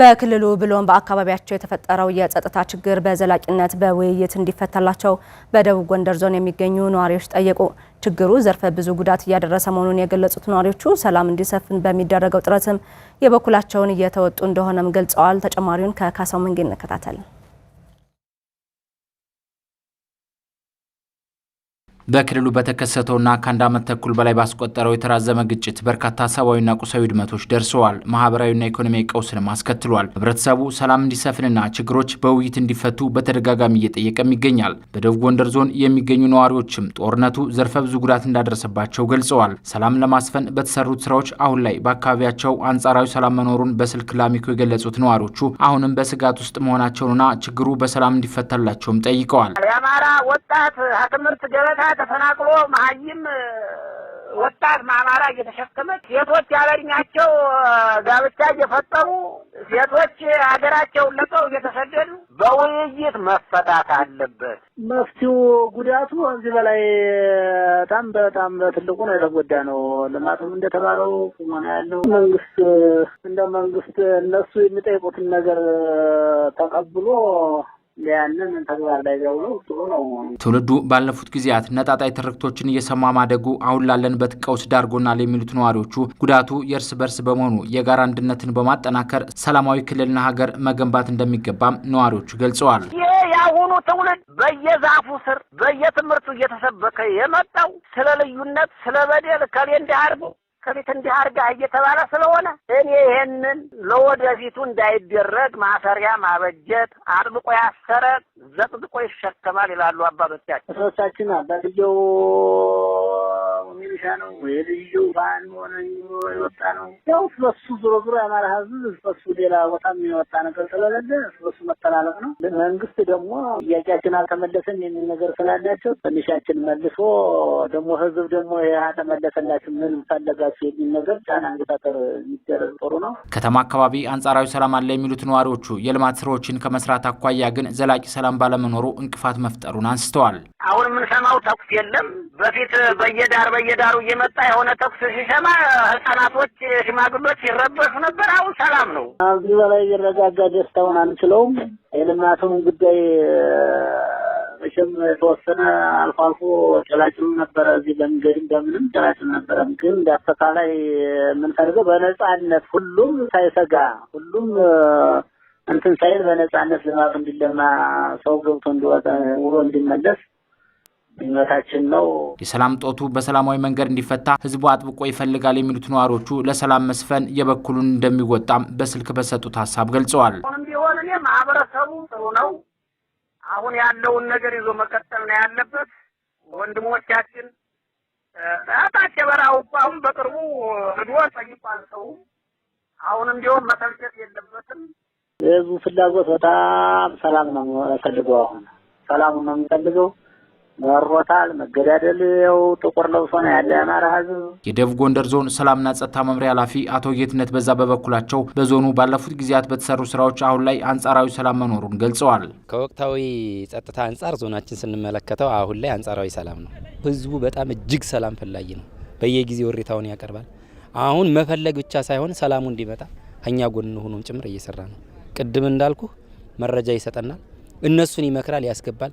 በክልሉ ብሎም በአካባቢያቸው የተፈጠረው የጸጥታ ችግር በዘላቂነት በውይይት እንዲፈታላቸው በደቡብ ጎንደር ዞን የሚገኙ ነዋሪዎች ጠየቁ። ችግሩ ዘርፈ ብዙ ጉዳት እያደረሰ መሆኑን የገለጹት ነዋሪዎቹ ሰላም እንዲሰፍን በሚደረገው ጥረትም የበኩላቸውን እየተወጡ እንደሆነም ገልጸዋል። ተጨማሪውን ከካሳው መንጌ እንከታተል። በክልሉ በተከሰተውና ከአንድ ዓመት ተኩል በላይ ባስቆጠረው የተራዘመ ግጭት በርካታ ሰብአዊና ቁሳዊ ውድመቶች ደርሰዋል። ማህበራዊና ኢኮኖሚያዊ ቀውስንም አስከትሏል። ህብረተሰቡ ሰላም እንዲሰፍንና ችግሮች በውይይት እንዲፈቱ በተደጋጋሚ እየጠየቀም ይገኛል። በደቡብ ጎንደር ዞን የሚገኙ ነዋሪዎችም ጦርነቱ ዘርፈ ብዙ ጉዳት እንዳደረሰባቸው ገልጸዋል። ሰላም ለማስፈን በተሰሩት ስራዎች አሁን ላይ በአካባቢያቸው አንጻራዊ ሰላም መኖሩን በስልክ ላሚኮ የገለጹት ነዋሪዎቹ አሁንም በስጋት ውስጥ መሆናቸውንና ችግሩ በሰላም እንዲፈታላቸውም ጠይቀዋል። አማራ ወጣት ከትምህርት ገበታ ተፈናቅሎ መሀይም ወጣት ማማራ እየተሸከመች ሴቶች ያለእድሜያቸው ጋብቻ እየፈጠሩ ሴቶች ሀገራቸውን ለቀው እየተሰደዱ በውይይት መፈታት አለበት። መፍትው ጉዳቱ እዚህ በላይ በጣም በጣም በትልቁ ነው የተጎዳ ነው። ልማቱም እንደተባለው ቁመና ያለው መንግስት እንደ መንግስት እነሱ የሚጠይቁትን ነገር ተቀብሎ ያንን ተግባር ላይ ቢያውለው ጥሩ ነው። ትውልዱ ባለፉት ጊዜያት ነጣጣይ ትርክቶችን እየሰማ ማደጉ አሁን ላለንበት ቀውስ ዳርጎናል የሚሉት ነዋሪዎቹ ጉዳቱ የእርስ በርስ በመሆኑ የጋራ አንድነትን በማጠናከር ሰላማዊ ክልልና ሀገር መገንባት እንደሚገባም ነዋሪዎቹ ገልጸዋል። ይህ የአሁኑ ትውልድ በየዛፉ ስር በየትምህርቱ እየተሰበከ የመጣው ስለ ልዩነት፣ ስለ በደል ከሌ እንዲህ አድርገው ከቤት እንዲህ እየተባለ ስለሆነ እኔ ይሄንን ለወደፊቱ እንዳይደረግ ማሰሪያ ማበጀት አጥብቆ ያሰረ ዘጥብቆ ይሸከማል ይላሉ አባቶቻችን። እሶቻችን አባትየው ሚሊሻ ነው ወይ ልዩ ባን ሆነ የወጣ ነው። ያው ስለሱ ዞሮ ዞሮ የአማራ ህዝብ ስለሱ ሌላ ቦታ የሚወጣ ነገር ስለሌለ ስለሱ መጠላለቅ ነው። መንግስት ደግሞ ጥያቄያችን አልተመለሰም የሚል ነገር ስላላቸው ትንሻችን መልሶ ደግሞ ህዝብ ደግሞ ይህ ምን ፈለጋችሁ የሚል ነገር ጫና እንዲፈጠር የሚደረግ ጥሩ ነው። ከተማ አካባቢ አንጻራዊ ሰላም አለ የሚሉት ነዋሪዎቹ የልማት ስራዎችን ከመስራት አኳያ ግን ዘላቂ ሰላም ባለመኖሩ እንቅፋት መፍጠሩን አንስተዋል። አሁን የምንሰማው ተኩስ የለም። በፊት በየዳር በየዳሩ እየመጣ የሆነ ተኩስ ሲሰማ ህጻናቶች፣ ሽማግሎች ይረበሱ ነበር። አሁን ሰላም ነው። እዚህ በላይ ይረጋጋ ደስታውን አንችለውም። የልማቱም ጉዳይ መቼም የተወሰነ አልፎ አልፎ ጭላጭል ነበረ። እዚህ በመንገድም በምንም ጭላጭል ነበረ። ግን እንደ አጠቃላይ የምንፈልገው በነጻነት ሁሉም ሳይሰጋ ሁሉም እንትን ሳይል በነጻነት ልማቱ እንዲለማ ሰው ገብቶ እንዲወጣ ውሎ እንዲመለስ እምነታችን ነው። የሰላም ጦቱ በሰላማዊ መንገድ እንዲፈታ ህዝቡ አጥብቆ ይፈልጋል የሚሉት ነዋሪዎቹ ለሰላም መስፈን የበኩሉን እንደሚወጣም በስልክ በሰጡት ሀሳብ ገልጸዋል። አሁንም ቢሆን እኔ ማህበረሰቡ ጥሩ ነው። አሁን ያለውን ነገር ይዞ መቀጠል ነው ያለበት። ወንድሞቻችን ታች የበረሃው እኮ አሁን በቅርቡ ህድወ ጠይቋል ሰው አሁንም ቢሆን መሰልቸት የለበትም። የህዝቡ ፍላጎት በጣም ሰላም ነው የሚፈልገው። አሁን ሰላሙ ነው የሚፈልገው መሮታል። መገዳደል ው ጥቁር ለብሶ ነው ያለ የአማራ ህዝብ። የደቡብ ጎንደር ዞን ሰላምና ጸጥታ መምሪያ ኃላፊ አቶ ጌትነት በዛ በበኩላቸው በዞኑ ባለፉት ጊዜያት በተሰሩ ስራዎች አሁን ላይ አንጻራዊ ሰላም መኖሩን ገልጸዋል። ከወቅታዊ ጸጥታ አንጻር ዞናችን ስንመለከተው አሁን ላይ አንጻራዊ ሰላም ነው። ህዝቡ በጣም እጅግ ሰላም ፈላጊ ነው። በየጊዜው ወሬታውን ያቀርባል። አሁን መፈለግ ብቻ ሳይሆን ሰላሙ እንዲመጣ ከኛ ጎን ሆኖም ጭምር እየሰራ ነው። ቅድም እንዳልኩ መረጃ ይሰጠናል፣ እነሱን ይመክራል፣ ያስገባል።